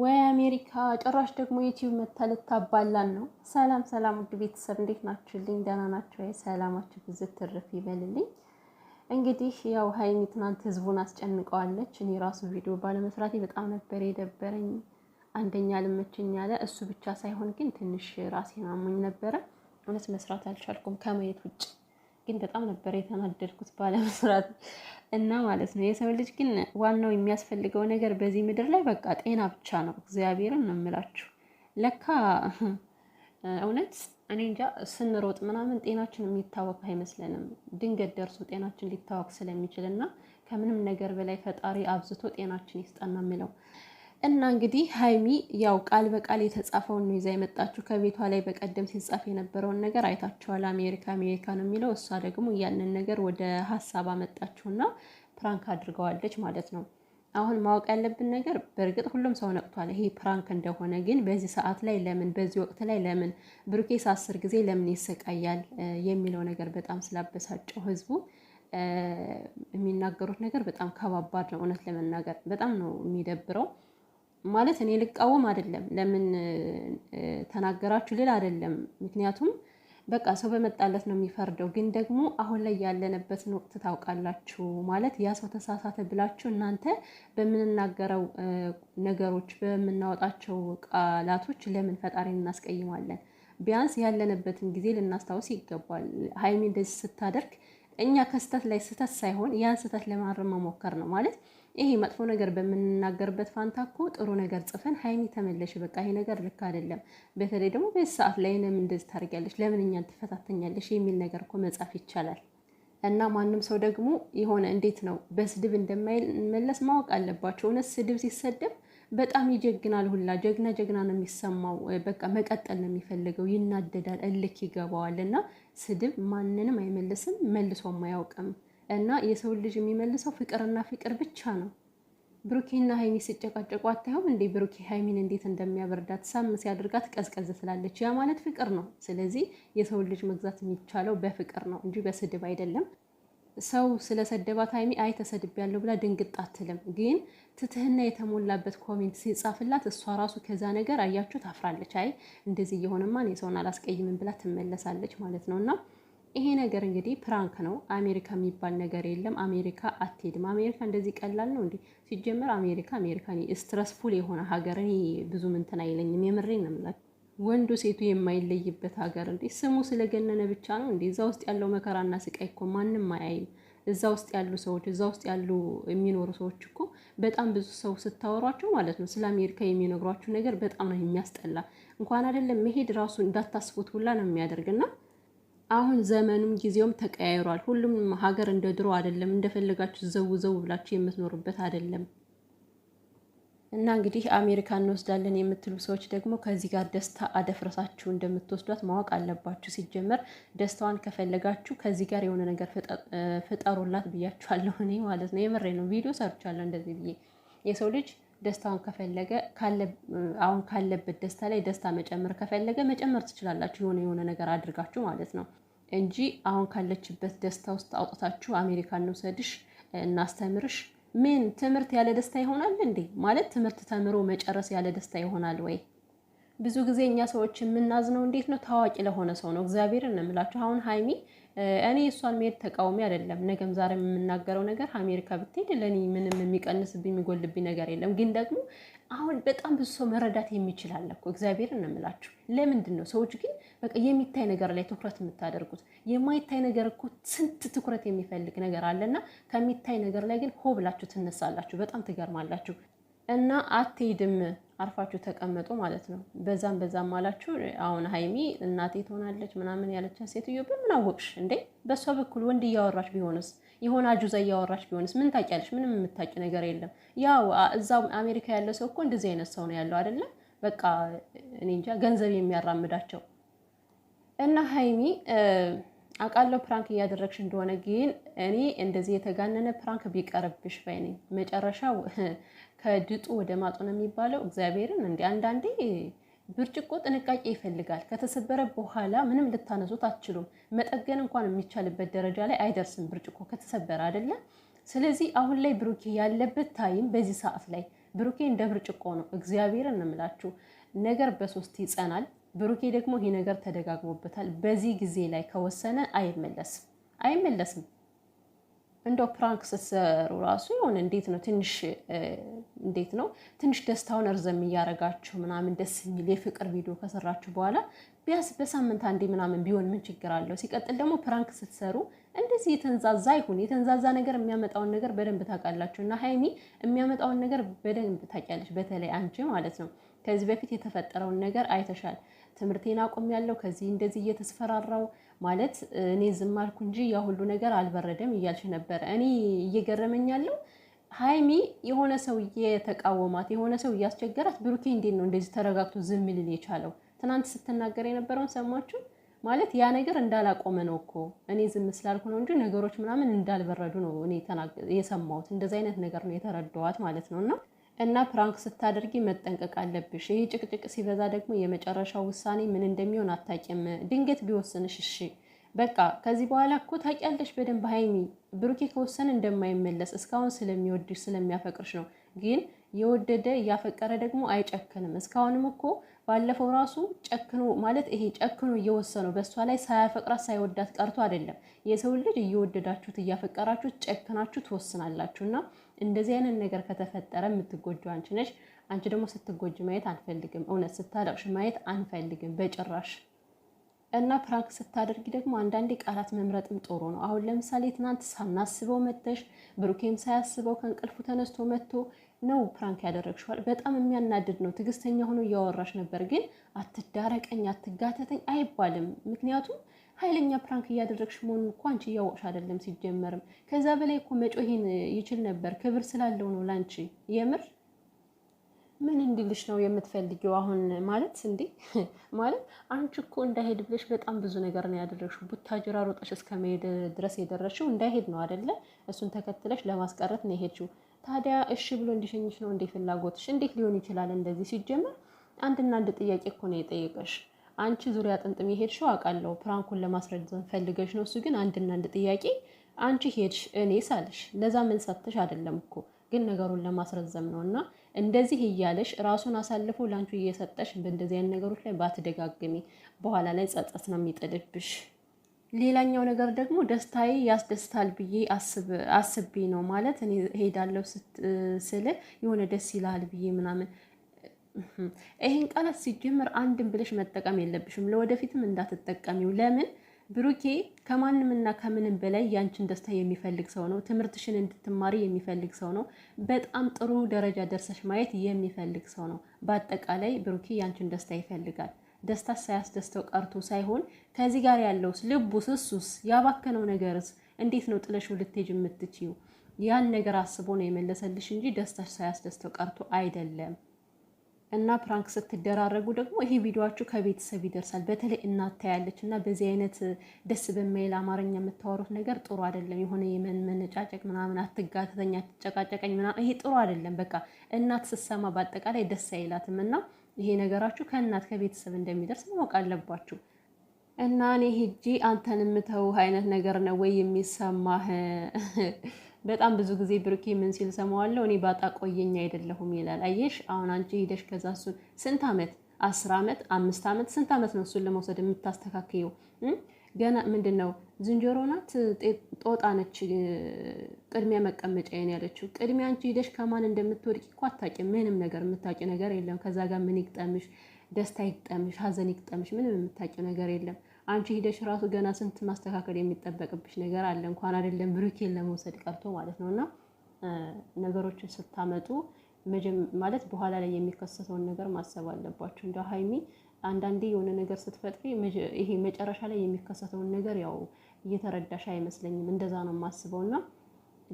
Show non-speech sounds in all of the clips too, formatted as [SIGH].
ወይ አሜሪካ ጭራሽ ደግሞ ዩቲዩብ መታ ልታባላን ነው። ሰላም ሰላም፣ ውድ ቤተሰብ እንዴት ናችሁልኝ? ደህና ናቸው ወይ? ሰላማችሁ ብዝት ትርፍ ይበልልኝ። እንግዲህ ያው ሀይሚ ትናንት ህዝቡን አስጨንቀዋለች። እኔ ራሱ ቪዲዮ ባለመስራቴ በጣም ነበር የደበረኝ። አንደኛ ልመችኝ ያለ እሱ ብቻ ሳይሆን ግን ትንሽ ራሴን አሞኝ ነበረ። እውነት መስራት አልቻልኩም ከማየት ውጭ ግን በጣም ነበር የተናደድኩት ባለመስራት እና ማለት ነው። የሰው ልጅ ግን ዋናው የሚያስፈልገው ነገር በዚህ ምድር ላይ በቃ ጤና ብቻ ነው። እግዚአብሔርን ነው የምላችሁ። ለካ እውነት እኔ እንጃ ስንሮጥ ምናምን ጤናችን የሚታወቅ አይመስለንም። ድንገት ደርሶ ጤናችን ሊታወቅ ስለሚችል እና ከምንም ነገር በላይ ፈጣሪ አብዝቶ ጤናችን ይስጠና የምለው እና እንግዲህ ሀይሚ ያው ቃል በቃል የተጻፈውን ነው ይዛ የመጣችሁ። ከቤቷ ላይ በቀደም ሲጻፍ የነበረውን ነገር አይታችኋል። አሜሪካ አሜሪካ ነው የሚለው፣ እሷ ደግሞ ያንን ነገር ወደ ሀሳብ አመጣችሁና ፕራንክ አድርገዋለች ማለት ነው። አሁን ማወቅ ያለብን ነገር በእርግጥ ሁሉም ሰው ነቅቷል፣ ይሄ ፕራንክ እንደሆነ። ግን በዚህ ሰዓት ላይ ለምን በዚህ ወቅት ላይ ለምን ብሩኬስ አስር ጊዜ ለምን ይሰቃያል የሚለው ነገር በጣም ስላበሳጨው ህዝቡ የሚናገሩት ነገር በጣም ከባባድ ነው። እውነት ለመናገር በጣም ነው የሚደብረው። ማለት እኔ ልቃወም አይደለም፣ ለምን ተናገራችሁ ልል አይደለም። ምክንያቱም በቃ ሰው በመጣለት ነው የሚፈርደው። ግን ደግሞ አሁን ላይ ያለንበትን ወቅት ታውቃላችሁ። ማለት ያ ሰው ተሳሳተ ብላችሁ እናንተ በምንናገረው ነገሮች፣ በምናወጣቸው ቃላቶች ለምን ፈጣሪን እናስቀይማለን? ቢያንስ ያለንበትን ጊዜ ልናስታውስ ይገባል። ሀይሚ እንደዚህ ስታደርግ እኛ ከስተት ላይ ስተት ሳይሆን ያን ስተት ለማረም መሞከር ነው ማለት ይሄ መጥፎ ነገር በምንናገርበት ፋንታ እኮ ጥሩ ነገር ጽፈን ሀይሚ ተመለሽ፣ በቃ ይሄ ነገር ልክ አይደለም፣ በተለይ ደግሞ በዚህ ሰዓት ላይ ለምን እንደዚህ ታደርጊያለሽ፣ ለምን እኛን ትፈታተኛለሽ የሚል ነገር እኮ መጻፍ ይቻላል። እና ማንም ሰው ደግሞ የሆነ እንዴት ነው በስድብ እንደማይመለስ ማወቅ አለባቸው። እውነት ስድብ ሲሰደብ በጣም ይጀግናል። ሁላ ጀግና ጀግና ነው የሚሰማው። በቃ መቀጠል ነው የሚፈልገው። ይናደዳል፣ እልክ ይገባዋል። እና ስድብ ማንንም አይመልስም፣ መልሶም አያውቅም። እና የሰው ልጅ የሚመልሰው ፍቅርና ፍቅር ብቻ ነው። ብሩኬና ሀይሚ ሲጨቃጨቁ አታዩም እንዴ? ብሩኬ ሀይሚን እንዴት እንደሚያበርዳት ሳም ሲያደርጋት ቀዝቀዝ ትላለች። ያ ማለት ፍቅር ነው። ስለዚህ የሰው ልጅ መግዛት የሚቻለው በፍቅር ነው እንጂ በስድብ አይደለም። ሰው ስለሰደባት ሀይሚ አይ ተሰድብ ያለው ብላ ድንግጥ አትልም። ግን ትትህና የተሞላበት ኮሜንት ሲጻፍላት እሷ ራሱ ከዛ ነገር አያችሁ ታፍራለች። አይ እንደዚህ እየሆነማ እኔ ሰውን አላስቀይምም ብላ ትመለሳለች ማለት ነው። እና ይሄ ነገር እንግዲህ ፕራንክ ነው። አሜሪካ የሚባል ነገር የለም። አሜሪካ አትሄድም። አሜሪካ እንደዚህ ቀላል ነው እንዴ? ሲጀመር አሜሪካ አሜሪካ ስትረስፉል የሆነ ሀገር እኔ ብዙም እንትን አይለኝም። የምሬን ነው የምላችሁ ወንዱ ሴቱ የማይለይበት ሀገር እንዴ! ስሙ ስለገነነ ብቻ ነው እንዴ? እዛ ውስጥ ያለው መከራና ስቃይ እኮ ማንም አያይም። እዛ ውስጥ ያሉ ሰዎች እዛ ውስጥ ያሉ የሚኖሩ ሰዎች እኮ በጣም ብዙ ሰው ስታወሯቸው ማለት ነው ስለ አሜሪካ የሚነግሯችሁ ነገር በጣም ነው የሚያስጠላ። እንኳን አይደለም መሄድ ራሱ እንዳታስቡት ሁላ ነው የሚያደርግና አሁን ዘመኑም ጊዜውም ተቀያይሯል። ሁሉም ሀገር እንደ ድሮ አይደለም። እንደፈለጋችሁ ዘው ዘው ብላችሁ የምትኖርበት አይደለም። እና እንግዲህ አሜሪካ እንወስዳለን የምትሉ ሰዎች ደግሞ ከዚህ ጋር ደስታ አደፍረሳችሁ እንደምትወስዷት ማወቅ አለባችሁ። ሲጀመር ደስታዋን ከፈለጋችሁ ከዚህ ጋር የሆነ ነገር ፍጠሩላት ብያችኋለሁ። እኔ ማለት ነው የምሬ ነው። ቪዲዮ ሰርቻለሁ እንደዚህ ብዬ የሰው ልጅ ደስታውን ከፈለገ አሁን ካለበት ደስታ ላይ ደስታ መጨመር ከፈለገ መጨመር ትችላላችሁ፣ የሆነ የሆነ ነገር አድርጋችሁ ማለት ነው እንጂ አሁን ካለችበት ደስታ ውስጥ አውጥታችሁ አሜሪካ እንውሰድሽ እናስተምርሽ ምን ትምህርት ያለ ደስታ ይሆናል እንዴ? ማለት ትምህርት ተምሮ መጨረስ ያለ ደስታ ይሆናል ወይ? ብዙ ጊዜ እኛ ሰዎች የምናዝነው እንዴት ነው? ታዋቂ ለሆነ ሰው ነው። እግዚአብሔርን እንምላቸው። አሁን ሀይሚ እኔ እሷን መሄድ ተቃውሚ አይደለም። ነገም ዛሬ የምናገረው ነገር አሜሪካ ብትሄድ ለእኔ ምንም የሚቀንስብኝ የሚጎልብኝ ነገር የለም። ግን ደግሞ አሁን በጣም ብዙ ሰው መረዳት የሚችላለ አለ እኮ እግዚአብሔርን ለምንድን ነው ሰዎች ግን በቃ የሚታይ ነገር ላይ ትኩረት የምታደርጉት? የማይታይ ነገር እኮ ስንት ትኩረት የሚፈልግ ነገር አለና ከሚታይ ነገር ላይ ግን ሆ ብላችሁ ትነሳላችሁ። በጣም ትገርማላችሁ። እና አትሄድም አርፋችሁ ተቀመጡ ማለት ነው። በዛም በዛም አላችሁ። አሁን ሀይሚ እናቴ ትሆናለች ምናምን ያለችን ሴትዮ በምን አወቅሽ እንዴ? በእሷ በኩል ወንድ እያወራች ቢሆንስ የሆነ አጁዛ እያወራች ቢሆንስ ምን ታውቂያለሽ? ምንም የምታውቂ ነገር የለም። ያው እዛ አሜሪካ ያለ ሰው እኮ እንደዚህ አይነት ሰው ነው ያለው አይደለም። በቃ እኔ እንጃ ገንዘብ የሚያራምዳቸው እና ሀይሚ አቃለው ፕራንክ እያደረግሽ እንደሆነ ግን እኔ እንደዚህ የተጋነነ ፕራንክ ቢቀርብሽ ባይ ነኝ። መጨረሻው ከድጡ ወደ ማጡ ነው የሚባለው። እግዚአብሔርን እንዲ አንዳንዴ ብርጭቆ ጥንቃቄ ይፈልጋል። ከተሰበረ በኋላ ምንም ልታነሱት አትችሉም። መጠገን እንኳን የሚቻልበት ደረጃ ላይ አይደርስም ብርጭቆ ከተሰበረ አይደለም። ስለዚህ አሁን ላይ ብሩኬ ያለበት ታይም በዚህ ሰዓት ላይ ብሩኬ እንደ ብርጭቆ ነው። እግዚአብሔርን እንምላችሁ ነገር በሶስት ይጸናል። ብሩኬ ደግሞ ይህ ነገር ተደጋግሞበታል። በዚህ ጊዜ ላይ ከወሰነ አይመለስም አይመለስም። እንደው ፕራንክ ስትሰሩ ራሱ የሆነ እንዴት ነው ትንሽ እንዴት ነው ትንሽ ደስታውን እርዘም እያደረጋችሁ ምናምን ደስ የሚል የፍቅር ቪዲዮ ከሰራችሁ በኋላ ቢያንስ በሳምንት አንዴ ምናምን ቢሆን ምን ችግር አለው? ሲቀጥል ደግሞ ፕራንክ ስትሰሩ እንደዚህ የተንዛዛ ይሁን የተንዛዛ ነገር የሚያመጣውን ነገር በደንብ ታውቃላችሁ። እና ሀይሚ የሚያመጣውን ነገር በደንብ ታውቂያለሽ፣ በተለይ አንቺ ማለት ነው። ከዚህ በፊት የተፈጠረውን ነገር አይተሻል። ትምህርቴን ያለው ከዚህ እንደዚህ እየተስፈራራው ማለት እኔ ዝም አልኩ እንጂ ያ ሁሉ ነገር አልበረደም እያልሽ ነበረ። እኔ እየገረመኝ ያለው ሀይሚ የሆነ ሰው እየተቃወማት የሆነ ሰው እያስቸገራት፣ ብሩኬ እንዴት ነው እንደዚህ ተረጋግቶ ዝም ሊል የቻለው? ትናንት ስትናገር የነበረውን ሰማችሁ? ማለት ያ ነገር እንዳላቆመ ነው እኮ እኔ ዝም ስላልኩ ነው እንጂ ነገሮች ምናምን እንዳልበረዱ ነው እኔ የሰማሁት። እንደዚ አይነት ነገር ነው የተረዳዋት ማለት ነው እና እና ፕራንክ ስታደርጊ መጠንቀቅ አለብሽ። ይህ ጭቅጭቅ ሲበዛ ደግሞ የመጨረሻው ውሳኔ ምን እንደሚሆን አታውቂም። ድንገት ቢወስንሽ እሺ በቃ ከዚህ በኋላ እኮ ታውቂያለሽ በደንብ ሀይሚ፣ ብሩኬ ከወሰን እንደማይመለስ እስካሁን ስለሚወድሽ ስለሚያፈቅርሽ ነው። ግን የወደደ እያፈቀረ ደግሞ አይጨክንም። እስካሁንም እኮ ባለፈው ራሱ ጨክኖ ማለት ይሄ ጨክኖ እየወሰነው በእሷ ላይ ሳያፈቅራት ሳይወዳት ቀርቶ አይደለም። የሰው ልጅ እየወደዳችሁት እያፈቀራችሁት ጨክናችሁ ትወስናላችሁ እና እንደዚህ አይነት ነገር ከተፈጠረ የምትጎጁ አንቺ ነሽ። አንቺ ደግሞ ስትጎጅ ማየት አንፈልግም። እውነት ስታለቅሽ ማየት አንፈልግም በጭራሽ። እና ፕራንክ ስታደርጊ ደግሞ አንዳንዴ ቃላት መምረጥም ጥሩ ነው። አሁን ለምሳሌ ትናንት ሳናስበው መተሽ፣ ብሩኬም ሳያስበው ከእንቅልፉ ተነስቶ መጥቶ ነው ፕራንክ ያደረግሽዋል። በጣም የሚያናድድ ነው። ትዕግስተኛ ሆኖ እያወራሽ ነበር፣ ግን አትዳረቀኝ፣ አትጋተተኝ አይባልም። ምክንያቱም ኃይለኛ ፕራንክ እያደረግሽ መሆኑን እኮ አንቺ እያወቅሽ አይደለም። ሲጀመርም ከዛ በላይ እኮ መጮሄን ይችል ነበር። ክብር ስላለው ነው ላንቺ። የምር ምን እንዲልሽ ነው የምትፈልጊው? አሁን ማለት እንዴ [LAUGHS] ማለት አንቺ እኮ እንዳይሄድ ብለሽ በጣም ብዙ ነገር ነው ያደረግሽው። ቡታጅራ ሮጠሽ እስከ መሄድ ድረስ የደረሽው እንዳይሄድ ነው አደለ? እሱን ተከትለሽ ለማስቀረት ነው የሄድሽው። ታዲያ እሺ ብሎ እንዲሸኝሽ ነው እንዴ ፍላጎትሽ? እንዴት ሊሆን ይችላል እንደዚህ? ሲጀመር አንድና አንድ ጥያቄ እኮ ነው የጠየቀሽ አንቺ ዙሪያ ጥምጥም የሄድሽው አውቃለሁ ፕራንኩን ለማስረዘም ፈልገሽ ነው። እሱ ግን አንድና አንድ ጥያቄ አንቺ ሄድሽ እኔ ሳልሽ ለዛ ምን ሰጥተሽ አይደለም እኮ ግን ነገሩን ለማስረዘም ነው እና እንደዚህ እያለሽ ራሱን አሳልፎ ላንቺ እየሰጠሽ በእንደዚህ አይነት ነገሮች ላይ ባትደጋግሚ በኋላ ላይ ጸጸት ነው የሚጥልብሽ። ሌላኛው ነገር ደግሞ ደስታዬ ያስደስታል ብዬ አስቤ ነው ማለት እኔ ሄዳለሁ ስል የሆነ ደስ ይላል ብዬ ምናምን ይሄን ቃላት ሲጀምር አንድም ብለሽ መጠቀም የለብሽም። ለወደፊትም እንዳትጠቀሚው። ለምን ብሩኬ ከማንምና ከምንም በላይ ያንቺን ደስታ የሚፈልግ ሰው ነው። ትምህርትሽን እንድትማሪ የሚፈልግ ሰው ነው። በጣም ጥሩ ደረጃ ደርሰሽ ማየት የሚፈልግ ሰው ነው። በአጠቃላይ ብሩኬ ያንቺን ደስታ ይፈልጋል። ደስታ ሳያስደስተው ቀርቶ ሳይሆን ከዚህ ጋር ያለውስ ልቡስ፣ እሱስ ያባከነው ነገርስ እንዴት ነው ጥለሽው ልትሄጂ የምትችይው? ያን ነገር አስቦ ነው የመለሰልሽ እንጂ ደስታሽ ሳያስደስተው ቀርቶ አይደለም። እና ፕራንክ ስትደራረጉ ደግሞ ይሄ ቪዲዮችሁ ከቤተሰብ ይደርሳል። በተለይ እናት ታያለች እና በዚህ አይነት ደስ በማይል አማርኛ የምታወሩት ነገር ጥሩ አይደለም። የሆነ የመን መነጫጨቅ ምናምን፣ አትጋተተኛ፣ አትጨቃጨቀኝ ምናምን፣ ይሄ ጥሩ አይደለም። በቃ እናት ስትሰማ በአጠቃላይ ደስ አይላትም እና ይሄ ነገራችሁ ከእናት ከቤተሰብ እንደሚደርስ ማወቅ አለባችሁ። እና እኔ ሂጂ አንተን የምተውህ አይነት ነገር ነው ወይ የሚሰማህ? በጣም ብዙ ጊዜ ብሩኬ ምን ሲል ሰማዋለሁ፣ እኔ ባጣ ቆየኝ አይደለሁም ይላል። አየሽ አሁን አንቺ ሂደሽ ከዛ እሱን ስንት ዓመት አስር ዓመት አምስት ዓመት ስንት ዓመት ነው እሱን ለመውሰድ የምታስተካክየው? ገና ምንድን ነው ዝንጀሮ ናት ጦጣ ነች? ቅድሚያ ይን ያለችው ቅድሚያ አንቺ ሂደሽ ከማን እንደምትወድቅ እኮ አታውቂም። ምንም ነገር የምታውቂ ነገር የለም። ከዛ ጋር ምን ይግጠምሽ? ደስታ ይግጠምሽ፣ ሀዘን ይግጠምሽ፣ ምንም የምታውቂው ነገር የለም። አንቺ ሂደሽ ራሱ ገና ስንት ማስተካከል የሚጠበቅብሽ ነገር አለ፣ እንኳን አይደለም ብሩኬን ለመውሰድ ቀርቶ ማለት ነው። እና ነገሮችን ስታመጡ ማለት በኋላ ላይ የሚከሰተውን ነገር ማሰብ አለባችሁ። እንደ ሀይሚ አንዳንዴ የሆነ ነገር ስትፈጥሪ ይሄ መጨረሻ ላይ የሚከሰተውን ነገር ያው እየተረዳሽ አይመስለኝም። እንደዛ ነው የማስበው እና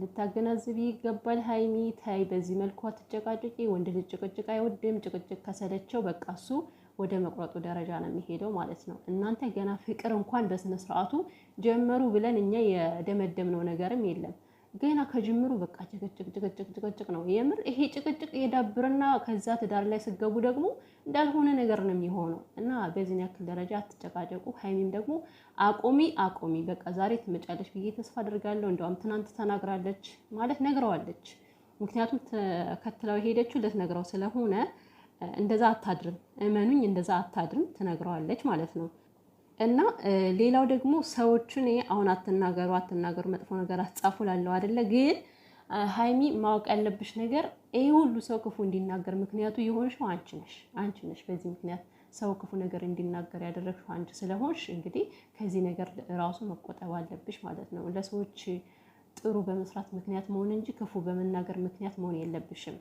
ልታገናዝብ ይገባል። ሀይሚ ታይ፣ በዚህ መልኩ አትጨቃጭቂ። ወንድ ልጅ ጭቅጭቅ አይወድም። ጭቅጭቅ ከሰለቸው በቃ እሱ ወደ መቁረጡ ደረጃ ነው የሚሄደው ማለት ነው። እናንተ ገና ፍቅር እንኳን በስነ ስርዓቱ ጀመሩ ብለን እኛ የደመደምነው ነገርም የለም። ገና ከጅምሩ በቃ ጭቅጭቅ ጭቅጭቅ ጭቅጭቅ ነው። የምር ይሄ ጭቅጭቅ የዳብርና ከዛ ትዳር ላይ ስገቡ ደግሞ እንዳልሆነ ነገር ነው የሚሆነው እና በዚህን ያክል ደረጃ አትጨቃጨቁ። ሀይሚም ደግሞ አቆሚ አቆሚ በቃ ዛሬ ትመጫለች ብዬ ተስፋ አድርጋለሁ። እንደውም ትናንት ተናግራለች ማለት ነግረዋለች። ምክንያቱም ተከትለው የሄደችው ልትነግረው ስለሆነ እንደዛ አታድርም፣ እመኑኝ እንደዛ አታድርም ትነግረዋለች ማለት ነው። እና ሌላው ደግሞ ሰዎቹን አሁን አትናገሩ፣ አትናገሩ፣ መጥፎ ነገር አትጻፉ ላለው አደለ። ግን ሀይሚ ማወቅ ያለብሽ ነገር ይህ ሁሉ ሰው ክፉ እንዲናገር ምክንያቱ የሆንሽው አንቺ ነሽ፣ አንቺ ነሽ። በዚህ ምክንያት ሰው ክፉ ነገር እንዲናገር ያደረግሽው አንቺ ስለሆንሽ እንግዲህ ከዚህ ነገር ራሱ መቆጠብ አለብሽ ማለት ነው። ለሰዎች ጥሩ በመስራት ምክንያት መሆን እንጂ ክፉ በመናገር ምክንያት መሆን የለብሽም።